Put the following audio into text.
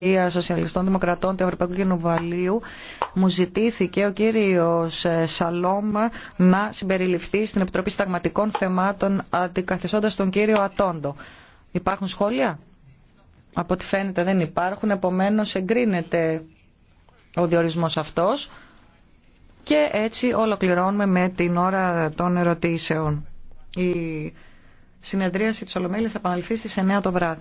Ομοσπονδία Σοσιαλιστών Δημοκρατών του Ευρωπαϊκού Κοινοβουλίου μου ζητήθηκε ο κύριος ε, Σαλόμα να συμπεριληφθεί στην Επιτροπή Σταγματικών Θεμάτων αντικαθιστώντας τον κύριο Ατόντο. Υπάρχουν σχόλια? Από ό,τι φαίνεται δεν υπάρχουν, επομένως εγκρίνεται ο διορισμός αυτός και έτσι ολοκληρώνουμε με την ώρα των ερωτήσεων. Η συνεδρίαση της Ολομέλης θα επαναληφθεί στις 9 το βράδυ.